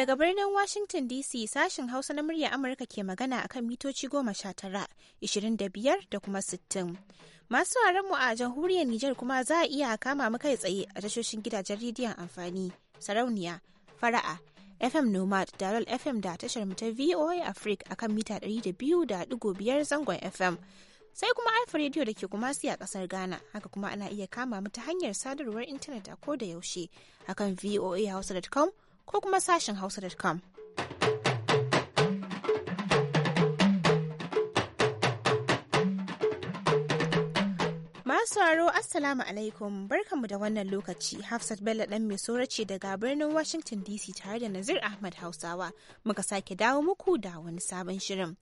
Daga birnin Washington DC sashen Hausa na murya Amurka ke magana akan mitoci goma sha tara, ishirin da biyar da kuma sittin. Masu mu a jamhuriyar Nijar kuma za a iya kama mu kai tsaye a tashoshin gidajen rediyon amfani, sarauniya, fara'a, FM Nomad, Dalol FM da tashar mu ta VOA Africa akan mita ɗari da da biyu biyar zangon FM. Sai kuma Alfa Radio da ke kumasi a ƙasar Ghana, haka kuma ana iya kama mu ta hanyar sadarwar intanet a ko da yaushe akan voahausa.com ko kuma sashen hausa.com. sauraro assalamu alaikum barkanmu da wannan lokaci hafsat bello dan mai ce daga birnin washington dc tare da nazir ahmad hausawa muka sake dawo muku da wani sabon shirin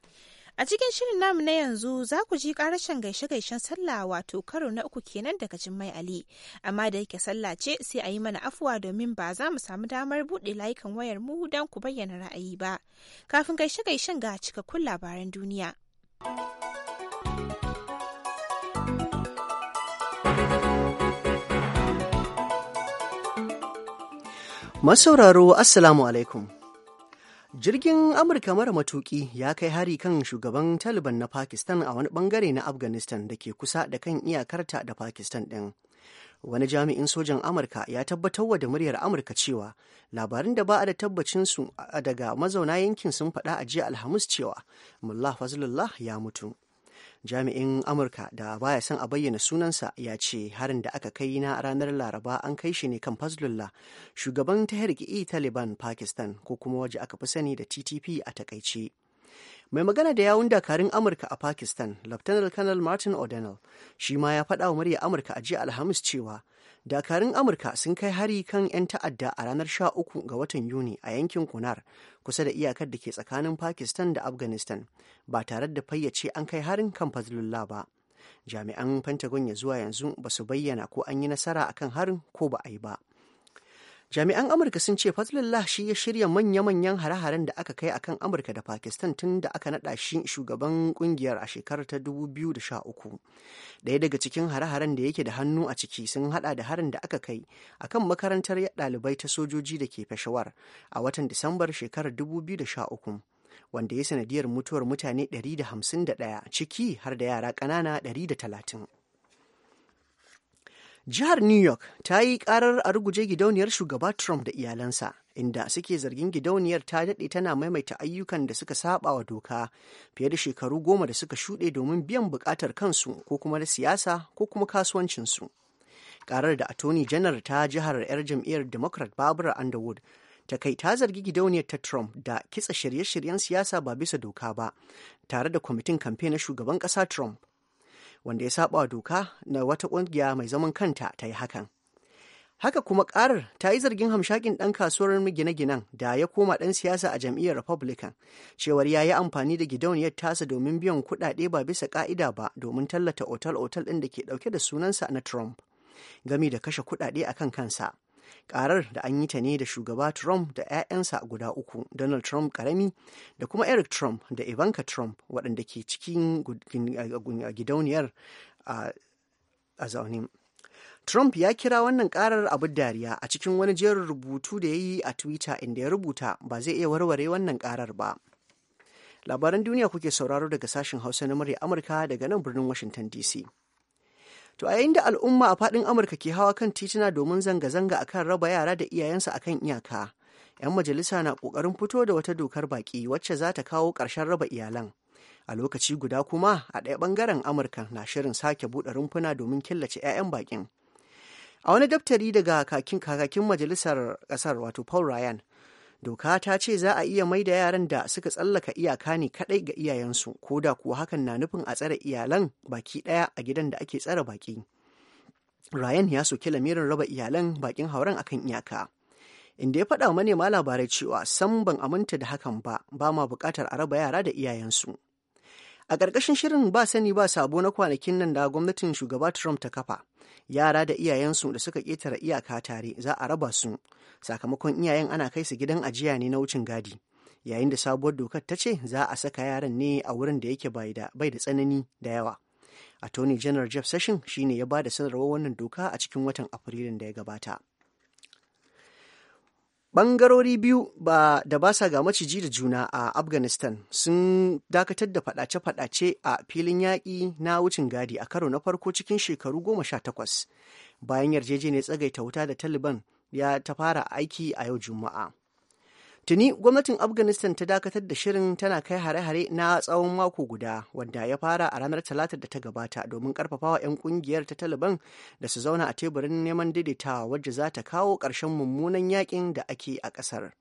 A cikin shirin namu na yanzu za ku ji karashin gaishe-gaishen sallah wato karo na uku kenan daga Jummai Ali. Amma da yake sallah ce sai a yi mana afuwa domin ba za mu samu damar buɗe layukan wayar mu don ku bayyana ra'ayi ba. Kafin gaishe-gaishen ga cikakkun labaran duniya. Masauraro, Assalamu alaikum. jirgin amurka mara matuki ya kai hari kan shugaban taliban na pakistan a wani bangare na afghanistan da ke kusa da kan iyakarta da pakistan ɗin. wani jami'in sojan amurka ya tabbatarwa da muryar amurka cewa labarin da ba a da tabbacin su daga mazauna yankin sun faɗa a jiya alhamis cewa mullah fazlullah ya mutu jami'in amurka da baya son a bayyana sunansa ya ce harin da aka kai na ranar laraba an kai shi ne kan fazlullah shugaban e taliban pakistan ko kuma waje aka fi sani da ttp a takaice mai magana da yawun dakarun amurka a pakistan lieutenant colonel martin o'donnell shi ma ya faɗa wa murya amurka a jiya alhamis cewa dakarun amurka sun kai hari kan 'yan ta'adda a ranar 13 ga watan yuni a yankin kunar kusa da iyakar da ke tsakanin pakistan da afghanistan ba tare da fayyace an kai harin kan fazlullah ba jami'an pentagon ya zuwa yanzu ba su bayyana ko an yi nasara akan harin ko ba a yi ba jami'an amurka sun ce fazlullah shi ya shirya manya-manyan hare-haren da aka kai akan amurka da pakistan tun da aka naɗa shi shugaban kungiyar a shekarar ta 2013 daya daga cikin hare-haren da yake da hannu a ciki sun hada da harin da aka kai akan makarantar ɗalibai ta sojoji da ke peshawar a watan disambar shekarar 2013 wanda ya sanadiyar mutuwar mutane 151 ciki har da yara ƙanana 130 Jihar New York ta yi karar a ruguje gidauniyar shugaba Trump da iyalansa, inda suke zargin gidauniyar ta daɗe tana maimaita ayyukan da suka saba wa doka fiye da shekaru goma da suka shuɗe domin biyan buƙatar kansu ko kuma da siyasa ko kuma kasuwancinsu. Karar da Attorney General ta jihar 'yar jam'iyyar Democrat Barbara Underwood ta kai ta zargi gidauniyar ta Trump da kitsa shirye-shiryen siyasa ba bisa doka ba, tare da kwamitin kamfe na shugaban ƙasa Trump. wanda ya saba doka na wata kungiya mai zaman kanta ta yi hakan. Haka kuma karar ta yi zargin hamshakin ɗan kasuwar gine-ginen da ya koma ɗan siyasa a jam'iyyar Republican, cewar ya yi amfani da gidauniyar tasa domin biyan kuɗaɗe ba bisa ƙa'ida ba domin tallata otal-otal ɗin da ke ɗauke da sunansa na Trump, gami da kashe kuɗaɗe a kan kansa. karar da an yi ta ne da shugaba trump da 'ya'yansa guda uku donald trump karami da kuma eric trump da ivanka trump waɗanda ke cikin gidauniyar a zaune Trump ya kira wannan karar abin dariya a cikin wani jerin rubutu da ya yi a Twitter inda ya rubuta ba zai iya warware wannan karar ba. Labaran duniya kuke sauraro daga sashen Hausa na murya Amurka daga nan birnin Washington DC. To a yayin da al'umma a faɗin Amurka ke hawa kan tituna domin zanga-zanga a kan raba yara da iyayensu kan iyaka, 'yan majalisa na ƙoƙarin fito da wata dokar baƙi wacce za ta kawo ƙarshen raba iyalan. A lokaci guda kuma a ɗaya ɓangaren Amurka na shirin sake buɗe rumfuna domin killace 'ya'yan baƙin. A wani daftari daga kakakin majalisar ƙasar wato Paul Ryan doka ta ce za a iya mai da yaran da suka tsallaka iyaka ne kaɗai ga iyayensu ko da kuwa hakan na nufin a tsare iyalan baki ɗaya a gidan da ake tsare baki ryan ya soki lamirin raba iyalan bakin hauren akan iyaka inda ya faɗa manema labarai cewa san ban aminta da hakan ba ba ma buƙatar a raba yara da iyayensu A ƙarƙashin shirin ba sani ba sabo na kwanakin nan da gwamnatin shugaba Trump ta kafa, yara da iyayensu da suka ƙetare iyaka tare za a raba su, sakamakon iyayen ana kai su gidan ajiya ne na wucin gadi. Yayin da sabuwar dokar ta ce za a saka yaran ne a wurin da yake bai da tsanani da yawa. Attorney General Jeff Sessions shine ya ba da sanarwar wannan doka a cikin watan Afrilun da ya gabata. Bangarori biyu ba da ba sa ga maciji da juna a Afghanistan sun dakatar da fadace-fadace a filin yaƙi na wucin gadi a karo na farko cikin shekaru goma sha takwas bayan yarjejeniyar tsagaita wuta da Taliban ya ta fara aiki a yau Juma'a. Tuni gwamnatin Afghanistan ta dakatar da shirin tana kai hare-hare na tsawon mako guda wanda ya fara a ranar talatar da ta gabata domin karfafa wa 'yan kungiyar ta Taliban da su zauna a teburin neman daidaitawa wadda za ta kawo ƙarshen mummunan yakin da ake a ƙasar.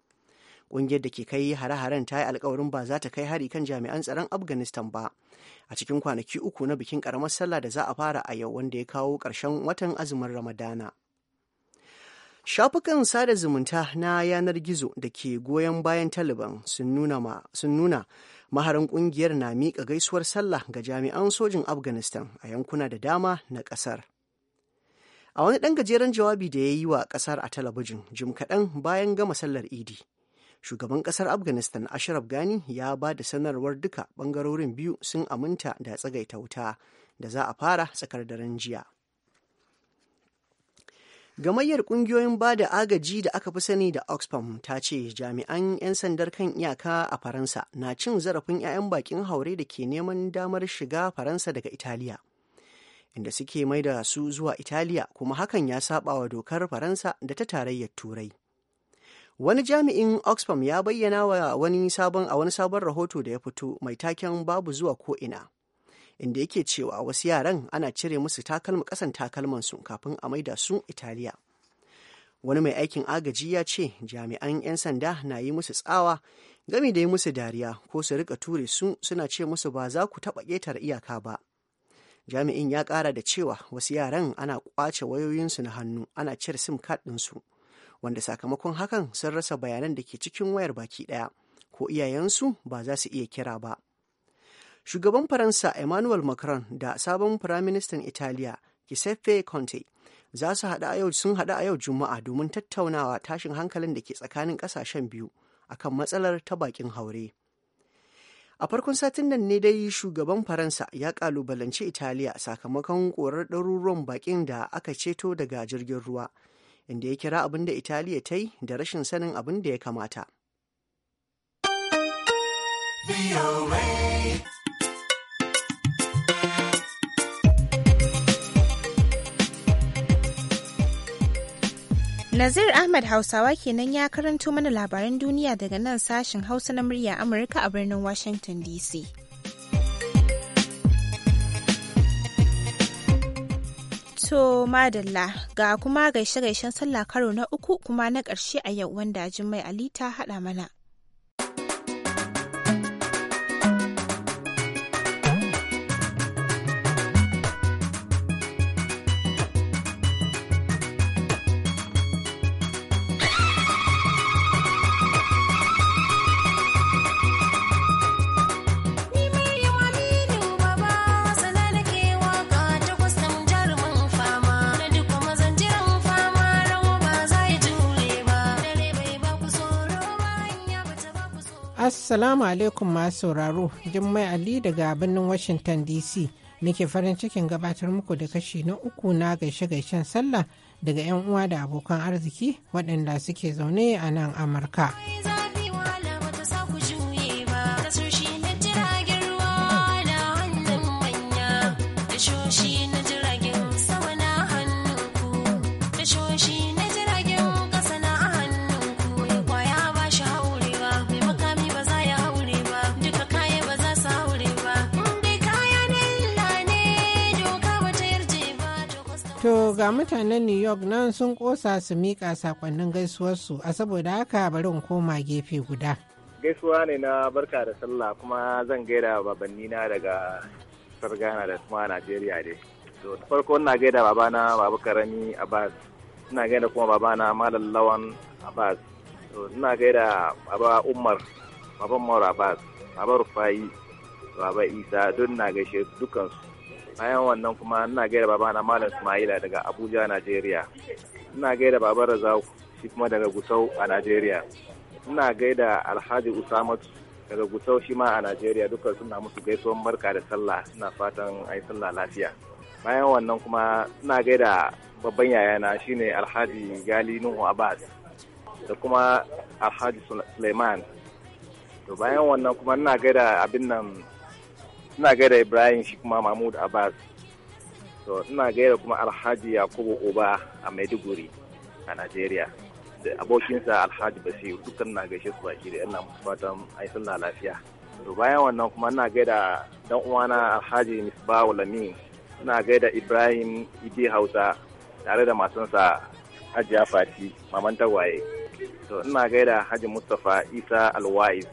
Ƙungiyar da ke kai hare-haren ta yi alkawarin ba za ta kai hari kan jami'an tsaron Afghanistan ba. A cikin kwanaki uku na bikin ƙaramar sallah da za a fara a yau wanda ya kawo ƙarshen watan azumin Ramadana. Shafukan sada zumunta na yanar gizo da ke goyon bayan Taliban sun nuna maharin kungiyar na miƙa gaisuwar sallah ga jami'an sojin Afghanistan a yankuna da dama na ƙasar. A wani ɗan gajeren jawabi da ya yi wa ƙasar a talabijin jim kaɗan bayan gama sallar Idi. shugaban ƙasar afghanistan ashraf gani ya ba da sanarwar duka ɓangarorin biyu sun aminta da tsagaita wuta da za a fara tsakar daren jiya Gamayyar ƙungiyoyin ba da agaji da aka fi sani da Oxfam ta ce jami'an 'yan sandar kan iyaka a Faransa na cin zarafin 'ya'yan bakin haure da ke neman damar shiga Faransa daga Italiya. Inda suke mai da su zuwa Italiya kuma hakan ya saba dokar Faransa da ta tarayyar Turai. Wani jami'in Oxfam ya bayyana wa wani sabon a wani sabon rahoto da ya fito mai taken babu zuwa ko'ina. inda yake cewa wasu yaran ana cire musu takalma kasan takalmansu kafin a maida su Italiya. Wani mai aikin agaji ya ce jami'an 'yan sanda na yi musu tsawa gami da yi musu dariya ko su rika ture su suna ce musu ba za ku taɓa ƙetare iyaka ba. Jami'in ya ƙara da cewa wasu yaran ana ƙwace wayoyinsu na hannu ana cire sim card ɗinsu wanda sakamakon hakan sun rasa bayanan da ke cikin wayar baki ɗaya ko iyayensu ba za su iya kira ba. shugaban faransa emmanuel macron da sabon firaministan italiya giuseppe conte za su haɗu a yau sun hada a yau juma'a domin tattaunawa tashin hankalin da ke tsakanin ƙasashen biyu akan matsalar ta bakin haure a farkon satin nan ne dai shugaban faransa ya kalubalanci italiya sakamakon korar ɗaruruwan bakin da aka ceto daga jirgin ruwa inda ya kira abin da italiya ta yi da rashin sanin abin da ya kamata. Nazir Ahmad Hausawa kenan ya karanto mana labaran duniya daga nan sashen Hausa na murya Amurka a birnin Washington DC. To madalla ga kuma gaishe-gaishen sallah karo na uku kuma na ƙarshe a yau wanda Jummai Ali ta haɗa mana. Assalamu alaikum masu sauraro, Jummai Ali daga birnin Washington DC. Nake farin cikin gabatar muku da kashi na uku na gaishe-gaishen sallah daga 'yan uwa da abokan arziki waɗanda suke zaune a nan Amurka. ga mutanen New York nan sun kosa su mika sakonnin gaisuwarsu a saboda haka bari in koma gefe guda. Gaisuwa ne na barka da sallah kuma zan gaida babanni na daga Sargana da kuma Najeriya dai. To farko ina gaida babana babu Karami Abbas. Ina gaida kuma babana Malam Lawan Abbas. To ina gaida Baba Umar, Baban Maura Abbas, Baba Rufai, Baba Isa, don na gaishe dukansu. bayan wannan kuma ina gaida babana malam Ismaila daga Abuja Nigeria ina gaida baban Razak shi kuma daga Gusau a Nigeria ina gaida Alhaji Usamatu daga Gusau shi ma a Nigeria dukkan suna musu gaisuwar barka da sallah suna fatan ai sallah lafiya bayan wannan kuma ina gaida babban yayana shine Alhaji Gali Nuhu Abbas da kuma Alhaji Suleiman to bayan wannan kuma ina gaida abin nan ina gaida ibrahim shi kuma mahmud abbas to ina gaida kuma alhaji yakubu uba a maiduguri a nigeria da abokinsa alhaji basiru dukkan na gaishe su baki da ina musu fatan ai na lafiya to bayan wannan kuma ina gaida dan uwana alhaji misbahu lamin ina gaida ibrahim idi hausa tare da matansa ajiya fati maman tagwaye to ina gaida haji mustapha isa alwais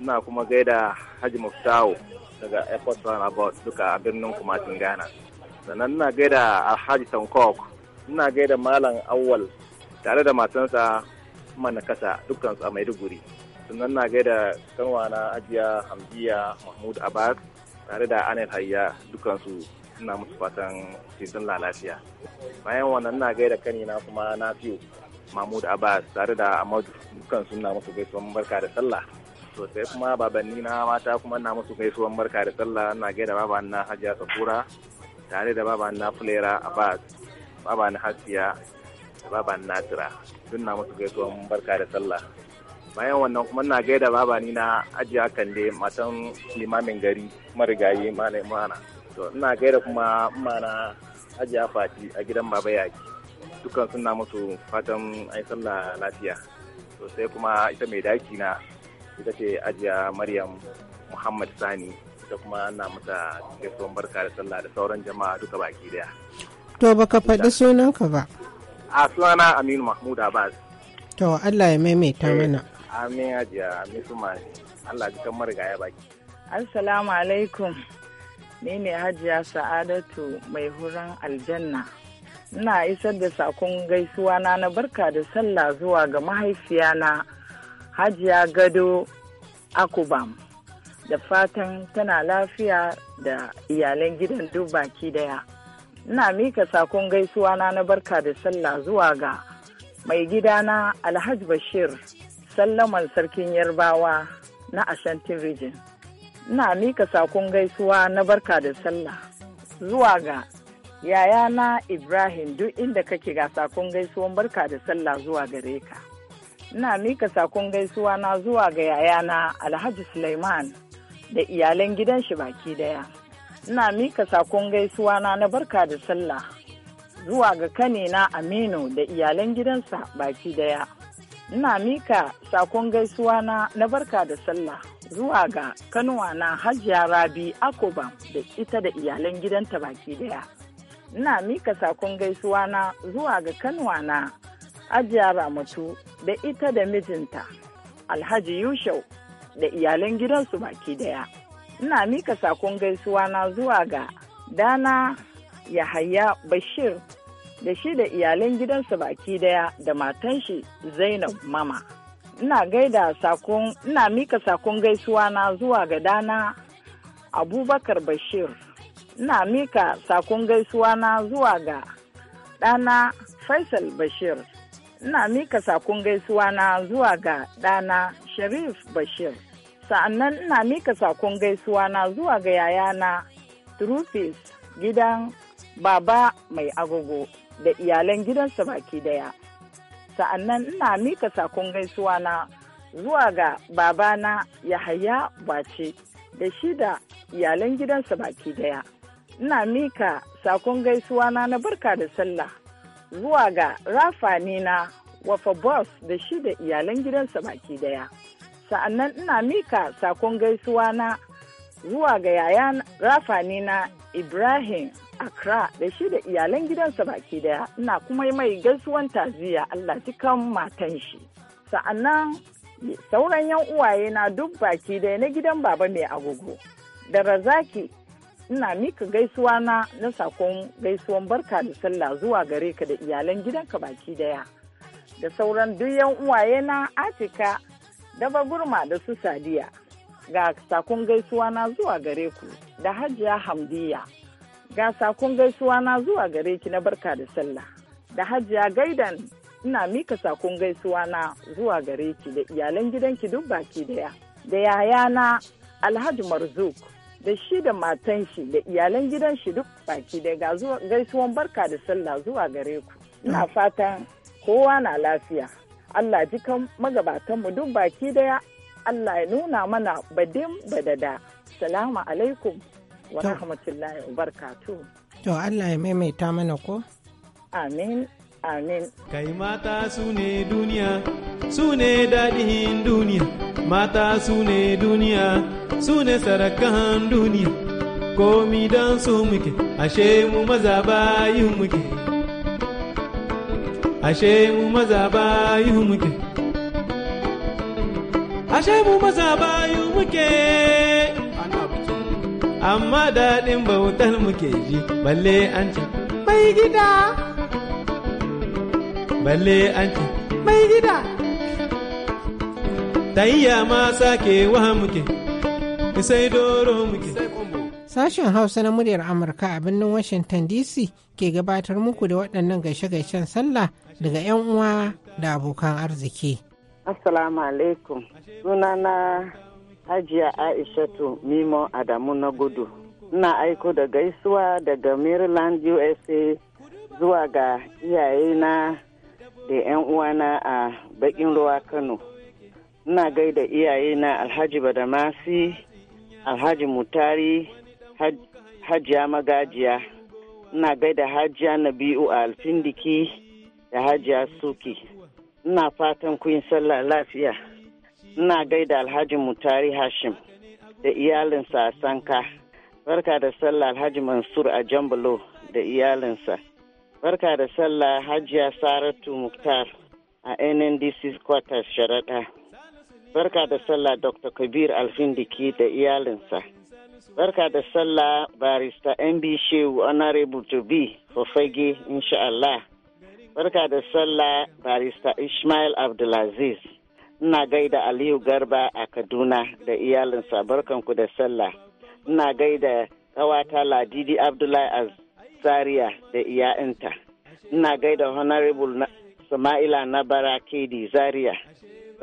ina kuma gaida haji muftahu daga airport about duka a birnin kumatin ghana sannan ina gaida alhaji tankok ina gaida malam awal. tare da matansa dukkan su a maiduguri sannan na gaida kanwana ajiya hamdiya mahmud abbas tare da anil hayya dukansu ina musu fatan cikin lalafiya bayan wannan na gaida kanina kuma na fiyo mahmud abbas tare da amadu dukansu na musu gaisuwan barka da sallah sosai kuma babanni na mata kuma na musu gaisuwan barka da sallah na gaida baba na hajiya sakura tare da baba na fulera abbas baba na hasiya da baba na tira duk na musu gaisuwan barka da sallah bayan wannan kuma na gaida baba ni na ajiya kande matan limamin gari marigayi mana mana to ina gaida kuma mana ajiya fati a gidan baba yaki dukkan suna musu fatan ai sallah lafiya to sai kuma ita mai daki na ita ce ajiya maryam muhammad sani ita kuma ana mata gaisuwan barka da sallah da sauran jama'a duka baki daya to baka faɗi sunanka ba a sunana aminu mahmud abbas to allah ya maimaita eh, mana amin ajiya amin suma allah jikan marigaya baki assalamu alaikum ni ne hajiya sa'adatu mai huran aljanna ina isar da sakon gaisuwa na na barka da sallah zuwa ga mahaifiyana hajiya gado akubam da fatan tana lafiya da iyalan gidan duk baki daya ina mika sakon gaisuwa na na barka da sallah zuwa ga mai gida na alhaji bashir sallaman sarkin yarbawa na ashanti region ina mika sakon gaisuwa na barka da sallah zuwa ga yayana ibrahim duk inda kake ga sakon gaisuwan barka da sallah zuwa gare ka ina mika sakon gaisuwa na zuwa ga yayana alhaji suleiman da iyalan gidan shi baki daya ina mika sakon gaisuwa na na barka da sallah zuwa ga kanina aminu da iyalan gidansa baki daya ina mika sakon gaisuwa na na barka da sallah zuwa ga kanuwa na hajiya rabi akoba da ita da iyalan gidanta baki daya ina mika sakon gaisuwa na zuwa ga kanuwa na ajiya ramatu da ita da mijinta alhaji yushau da iyalan gidansu baki daya ina mika sakon gaisuwa na zuwa ga dana yahaya bashir da shi da iyalan gidansu baki daya da matan shi zainab mama ina gaida sakon ina mika sakon gaisuwa na zuwa ga dana abubakar bashir ina mika sakon gaisuwa na zuwa ga ɗana faisal bashir ina mika sakon gaisuwa na zuwa ga ɗana Sharif Bashir. Sa'annan ina mika sakon gaisuwa na zuwa ga yayana Trufis gidan baba mai agogo da iyalan gidansa baki daya. Sa'annan ina mika sakon gaisuwa na zuwa ga babana Yahaya Bace da shi da iyalan gidansa baki daya. Ina mika sakon gaisuwa na na barka da sallah zuwa ga rafa nina wafa boss da shi da iyalan gidansa baki daya sa'annan ina mika sakon gaisuwa na zuwa ga yayan rafa nina ibrahim accra da shi da iyalan gidansa baki daya ina kuma mai gaisuwan taziya allah dukan matan shi sa'annan sauran yan uwaye na duk baki daya na gidan baba mai agogo da razaki ina mika gaisuwa na na sakon gaisuwan barka da sallah zuwa gare ka da iyalan gidanka baki daya da sauran duk yan uwaye na atika daba gurma da su sadiya ga sakon gaisuwa na zuwa gare ku da hajiya hamdiya ga sakon gaisuwa na zuwa gare ki na barka da sallah da hajiya gaidan ina mika sakon gaisuwa na zuwa gare ki da iyalan gidanki duk baki daya da yayana alhaji marzuk da shi da matan shi da iyalan gidan shi duk baki da gaisuwan barka da sallah zuwa gare ku ina mm. fatan kowa na lafiya Allah jikan magabatanmu duk baki daya Allah ya nuna mana badin badada salamu alaikum wa rahmatullahi wa barkatu to Allah ya maimaita mana ko amin amin kai mata su ne duniya su ne daɗin duniya mata su ne duniya su ne sarakan duniya komi don su muke ashe mu maza yi muke ashe mu maza yi muke ashe mu maza bayin muke amma daɗin bautar muke ji balle an ce mai gida balle an ce mai gida tayya ma sake wa muke sai doro muke Sashen Hausa na muryar Amurka a birnin Washington DC ke gabatar muku da waɗannan gaishe-gaishen sallah daga 'yan uwa da abokan arziki. Assalamu alaikum. Sunana Hajiya Aishatu Mimo Adamu na gudu. Ina aiko da gaisuwa daga Maryland USA zuwa ga iyayena da 'yan uwana a bakin ruwa Kano. ina gaida iyaye na alhaji badamasi alhaji mutari hajiya magajiya ina gaida hajiya nabi'u a alfindiki da hajiya suki ina fatan kun sallah lafiya ina gaida alhaji mutari hashim da iyalinsa a sanka barka da sallah alhaji mansur a jambalo da iyalinsa barka da sallah hajiya saratu muktar a nndc quarters sharaɗa Barka da sallah Dr. Kabir Alfindiki da iyalinsa. Barka da sallah barista MB Shehu Honorable to be for fage insha Allah. Barka da sallah barista Ismail Abdulaziz. Ina gaida Aliyu Garba a Kaduna da iyalinsa barkanku da sallah. Ina gaida kawata Ladidi Abdullahi Zaria da iya'inta Ina gaida Honorable Sama'ila Nabara Kedi Zaria.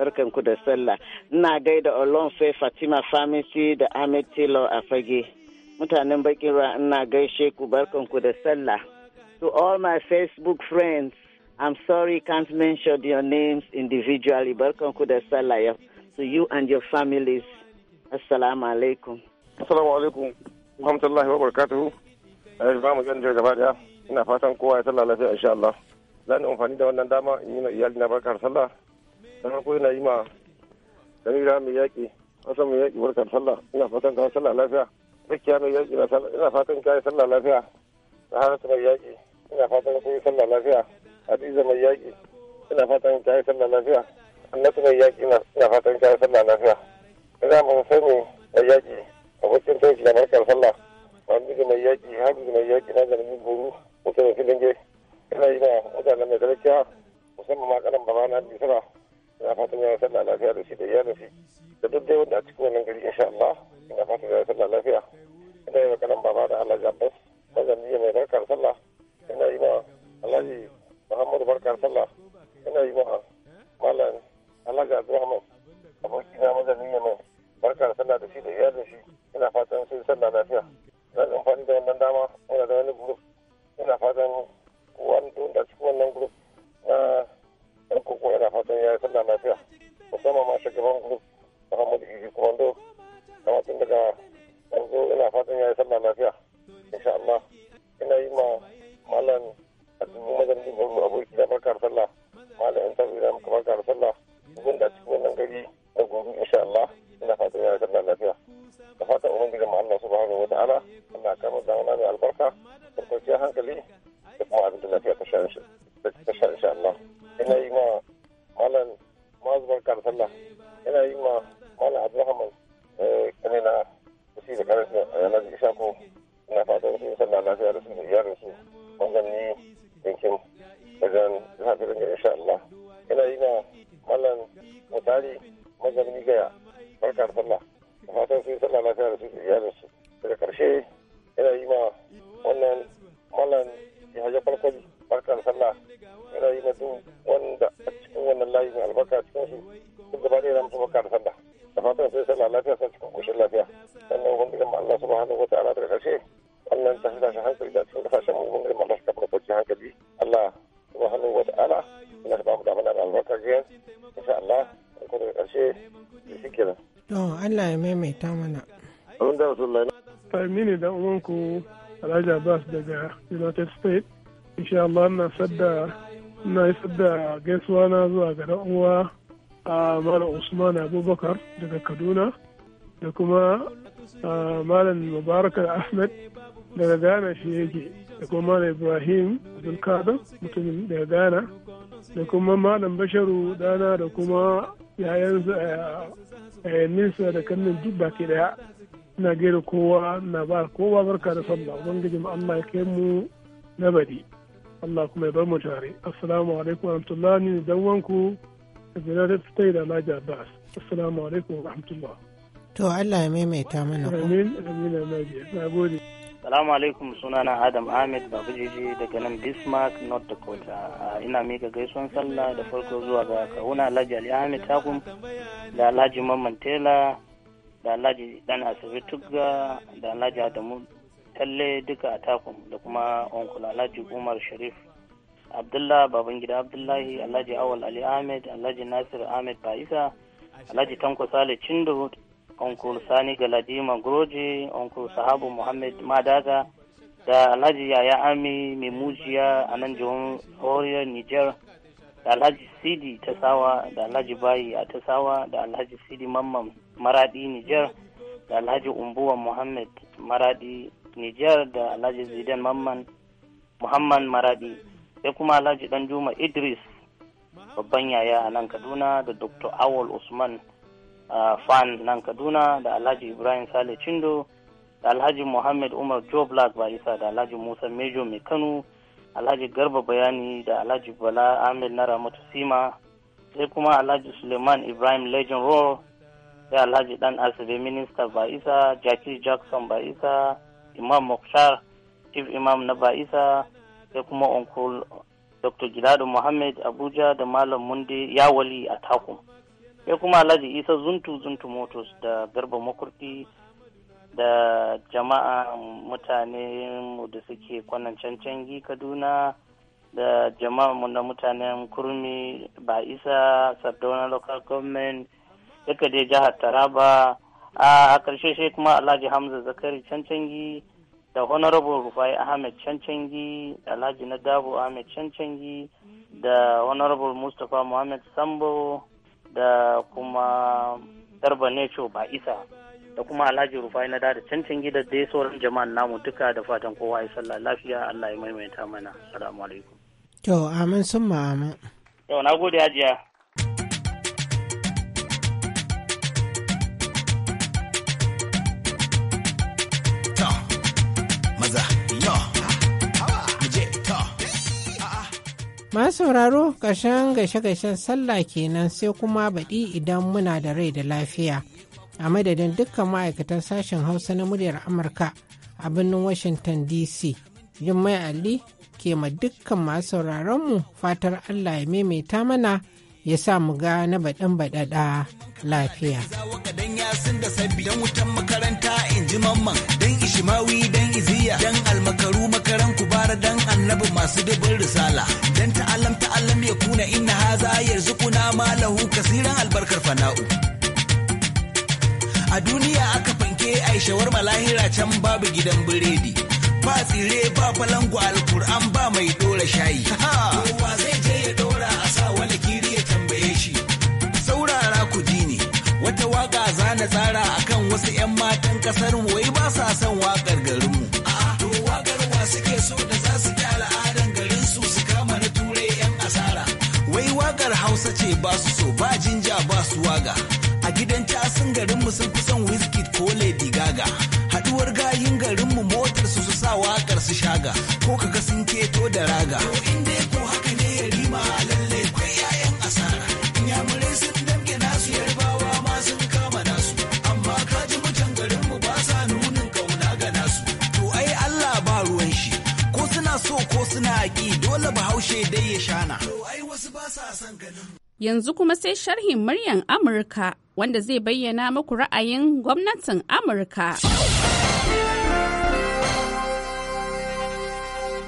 da sallah ina gaida olonfe fatima da ahmed tilo a fage mutanen bakin ruwa ina gaishe ku da sallah to all my facebook friends i'm sorry can't mention your names individually barkan da sallah to you and your families assalamu alaikum assalamu alaikum alhamdulillahi wa barakatuhu eh, ba mu jan gaba daya ina fatan kowa ya sallah lafiya insha Allah zan amfani da wannan dama in yi barkar sallah da farko yana yi ma samira mai yaƙi wasan mai yaƙi barkar sallah ina fatan kawo sallah lafiya rakiya mai yaƙi ina fatan kawo sallah lafiya da haratu mai yaƙi ina fatan kawo sallah lafiya hadiza mai yaƙi ina fatan kawo sallah lafiya annatu mai yaƙi ina fatan kawo sallah lafiya ina mu sani mai yaƙi abokin tauki da barkar sallah wani mai yaƙi hadiza mai yaƙi na zargin buru mutum da filin gai ina yi ma mutanen mai talaka musamman ma kalan babana bisira ina fatan ya sallah lafiya da shi da iyalinsa da duk dai wanda a cikin wannan gari insha Allah ina fatan ya sallah lafiya ina yi maganan baba da Allah jabbas mazan jiya mai barkar sallah ina yi ma Alhaji Muhammadu barkar sallah ina yi ma Malam Alhaji Abdulrahman abokina mazan jiya mai barkar sallah da shi da iyalinsa ina fatan sun sallah lafiya na amfani da wannan dama ina da wani group ina fatan wani da cikin wannan group na kuma yana fatan ya yi sallah lafiya musamman ma shugaban group muhammad iji komando a matsayin daga yanzu ina fatan ya yi sallah lafiya insha allah ina yi ma malam a cikin majalisar gurgu aboki da barkar da sallah malam yan tabi da muka barka da sallah gudun da cikin wannan gari da gobe insha allah ina fatan ya yi sallah lafiya da fatan ubangijin ma allah subhanahu wa ta'ala allah kama zamana mai albarka da kwanciyar hankali da kuma abin da lafiya ta sha insha allah ina yi ma malam mazu barka sallah yana yi ma malam abdulrahman eh, kane na kusi da karin ranar isa eh, ko na fata wasu sallah lafiya da su da su yankin wajen zafirin insha Allah yana yi ma malam mutari mazamni gaya barka sallah na fatan da su da su daga ƙarshe rahmatullahi. Ni ne dan uwanku Alhaji Abbas daga United States. Insha Allah na sadda na sadda gaisuwa na zuwa ga dan uwa a Malam Usman Abubakar daga Kaduna da kuma Malam Mubarak Ahmed daga Ghana shi yake da kuma Malam Ibrahim Abdulkadir mutumin daga Ghana da kuma Malam Basharu dana da kuma yayansa a nesa da kannin duk baki daya na gaida kowa na ba kowa barka da sallah ubangiji mu Allah ya kai mu na bari Allah kuma ya bar mu tare assalamu alaikum warahmatullahi dan wanku da United da Alhaji Abbas assalamu alaikum warahmatullah to Allah ya maimaita mana ku amin amin na gode Salamu alaikum sunana Adam Ahmed Babujiji daga nan Bismarck, North Dakota. Ah, ina mika gaisuwan sallah da farko zuwa ga kawuna Alhaji Ali Ahmed Takum da Alhaji Mamman Tela da alhaji dan asibi tugga da alhaji adamu talle duka a takum da kuma onkul alhaji umar sharif abdullah babangida abdullahi alhaji awal ali ahmed alhaji nasir ahmed baisa alhaji tanko sale cindo onkul sani galadima groje onkul sahabu muhammad madaga da alhaji yaya ami mai mujiya a nan horiyar niger da alhaji sidi ta sawa da alhaji bayi a ta sawa da alhaji sidi mamman maradi nijar da alhaji umbuwa muhammad maradi niger da alhaji zidan mamman muhammad maradi sai kuma alhaji dan juma idris babban yaya a nan kaduna da dr awal usman fan nan kaduna da alhaji ibrahim Saleh cindo da alhaji muhammad umar joe black barisa da alhaji musa mejo mai kano alhaji garba bayani da alhaji bala amir na ramatu sima sai kuma alhaji suleiman ibrahim legend roll sai alhaji dan asibe minista ba'isa jaki jackson ba'isa imam Mokshar chief imam na ba'isa sai kuma onkul dr gidado muhammad abuja da malam munde yawali a takum sai kuma alhaji isa zuntu zuntu motors da garba makurti da jama'a mutane mu da suke kwanan cancangi kaduna da jama'a mu na mutanen kurmi ba isa sardauna local government duka dai jihar taraba a karshe shi kuma alhaji hamza zakari cancangi da honorable rufai ahmed cancangi alhaji nadabo ahmed cancangi da honorable mustapha muhammad sambo da kuma darba necho ba isa da kuma alhaji rufai na da cancan gidan dai sauran jama'an namu duka da fatan kowa ya sallah lafiya allah ya maimaita mana salamu alaikum to amin sun amin yau na gode hajiya Ma sauraro ƙarshen gaishe-gaishen sallah kenan sai kuma baɗi idan muna da rai da lafiya. a madadin dukkan ma'aikatan sashen hausa na muryar amurka a birnin washington dc jummai ali ke ma dukkan masu sauraronmu fatar allah ya maimaita mana ya sa mu ga na baɗin baɗaɗa lafiya. Dan wutan makaranta in ji dan ishimawi dan dan almakaru dan annabi masu dubin risala. Dan ta'alam ta'alam ya kuna inna haza yanzu kuna malahu kasiran albarkar fana'u. a duniya aka fanke aishawar shawarma lahira can babu gidan biredi ba tsire ba falango alkur'an ba mai dora shayi kowa zai je ya dora a sa wani kiri ya tambaye shi saurara ku ne wata waka zana na tsara akan wasu 'yan matan kasar wai ba sa son wakar garinmu to wakar wa suke so da za su ji al'adan garin su su kama na turai 'yan asara wai wakar hausa ce ba su so ba jinja ba su waga garinmu sun fi son whisky ko lady gaga haduwar gayin garinmu motar su su sa wakar su shaga ko kaga sun keto da raga Yanzu kuma sai sharhin muryan Amurka wanda zai bayyana muku ra'ayin gwamnatin Amurka.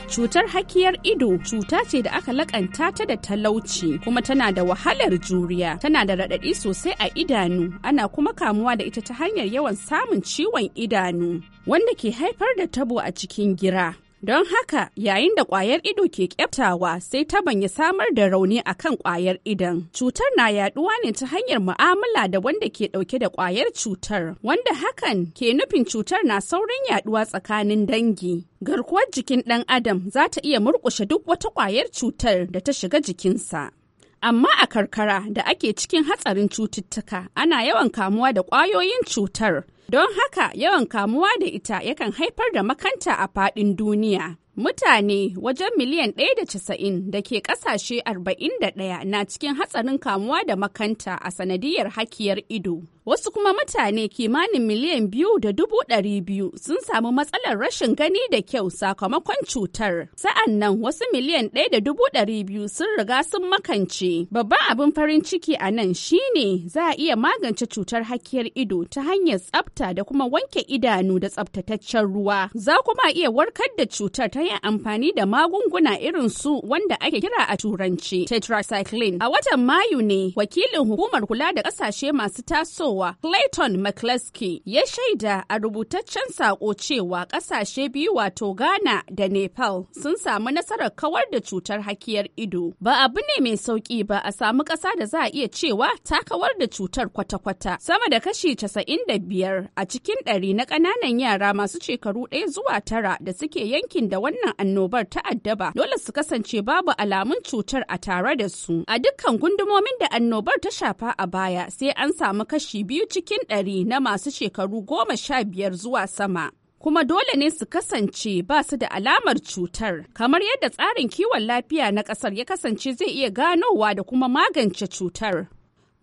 cutar hakiyar ido cuta ce da aka lakanta ta da talauci kuma tana da wahalar juriya tana da raɗaɗi sosai a idanu ana kuma kamuwa da ita ta hanyar yawan samun ciwon idanu wanda ke haifar da tabo a cikin gira Don haka yayin da ƙwayar ido ke kyaftawa sai taban ya samar da rauni a kan ƙwayar idon. Cutar na yaɗuwa ne ta hanyar mu'amala da wanda ke ɗauke da ƙwayar cutar, wanda hakan ke nufin cutar na saurin yaɗuwa tsakanin dangi. Garkuwar jikin ɗan adam za ta iya murkushe duk wata kwayar cutar da ta shiga jikinsa. Amma a karkara da ake cikin hatsarin cututtuka ana yawan kamuwa da ƙwayoyin cutar. Don haka yawan kamuwa da ita yakan haifar da makanta a faɗin duniya. Mutane wajen miliyan ɗaya da casa'in da ke ƙasashe arba'in da ɗaya na cikin hatsarin kamuwa da makanta a sanadiyar hakiyar ido. Wasu kuma mutane kimanin miliyan biyu da dubu ɗari biyu sun samu matsalar rashin gani da kyau sakamakon cutar. Sa'an nan wasu miliyan ɗaya da dubu ɗari biyu sun riga sun makance. Babban abin farin ciki a nan shine za a iya magance cutar hakiyar ido ta hanyar tsafta da kuma wanke idanu da tsaftataccen ruwa. Za kuma iya warkar da cutar ta yin amfani da magunguna irin su wanda ake kira a turanci tetracycline. A watan Mayu ne wakilin hukumar kula da ƙasashe masu taso. samarwa Clayton McCluskey ya shaida a rubutaccen sako cewa ƙasashe biyu wato Ghana da Nepal sun samu nasarar kawar da cutar hakiyar ido. Ba abu ne mai sauƙi ba a samu ƙasa da za a iya cewa ta kawar da cutar kwata-kwata. Sama da kashi casa'in da biyar, a cikin ɗari na ƙananan yara masu shekaru ɗaya zuwa tara da suke yankin da wannan annobar ta addaba dole su kasance babu alamun cutar a tare da su. A dukkan gundumomin da annobar ta shafa a baya sai an samu kashi kashi biyu cikin ɗari na masu shekaru goma sha biyar zuwa sama. Kuma dole ne su kasance ba su da alamar cutar, kamar yadda tsarin kiwon lafiya na ƙasar ya kasance zai iya ganowa da kuma magance cutar.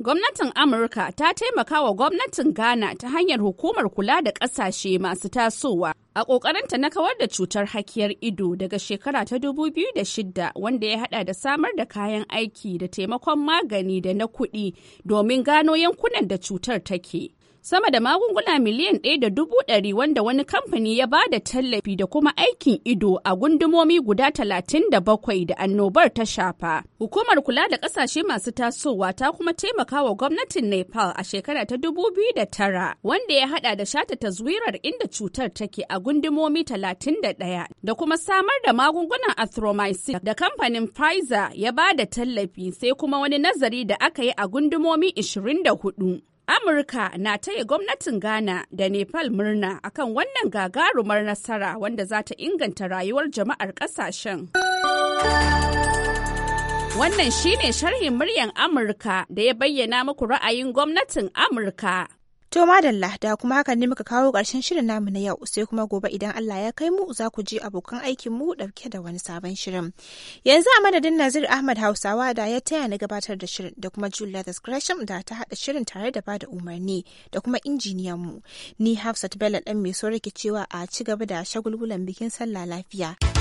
Gwamnatin Amurka ta taimaka wa gwamnatin Ghana ta hanyar hukumar kula da ƙasashe masu tasowa a ƙoƙarinta na kawar da cutar hakiyar ido daga shekara ta 2006 wanda ya hada da samar da kayan aiki da taimakon magani da na kuɗi domin gano yankunan da cutar take. sama da magunguna miliyan ɗaya da dubu ɗari wanda wani kamfani ya ba da tallafi da kuma aikin ido a gundumomi guda talatin da bakwai da annobar ta shafa. Hukumar kula da ƙasashe masu tasowa ta kuma taimaka wa gwamnatin Nepal a shekara ta dubu biyu da tara wanda ya haɗa da shata taswirar inda cutar take a gundumomi talatin da ɗaya da kuma samar da magungunan athromycin da kamfanin Pfizer ya ba da tallafi sai kuma wani nazari da aka yi a gundumomi ishirin da hudu. Amurka na taya gwamnatin Ghana da Nepal murna akan wannan gagarumar nasara wanda za ta inganta rayuwar jama'ar kasashen. Wannan shine sharhin muryan Amurka da ya bayyana muku ra'ayin gwamnatin Amurka. To madalla da kuma hakan ne muka kawo ƙarshen shirin namu na yau sai kuma gobe idan Allah ya kai mu za ku je abokan aikin mu ɗauke da wani sabon shirin. Yanzu a madadin Nazir Ahmad Hausawa da ya taya ni gabatar da shirin da kuma Julia Gresham da ta haɗa shirin tare da bada umarni da kuma injiniyan mu. Ni Hafsat Bello ɗan mai so rikicewa a ci gaba da shagulgulan bikin sallah lafiya.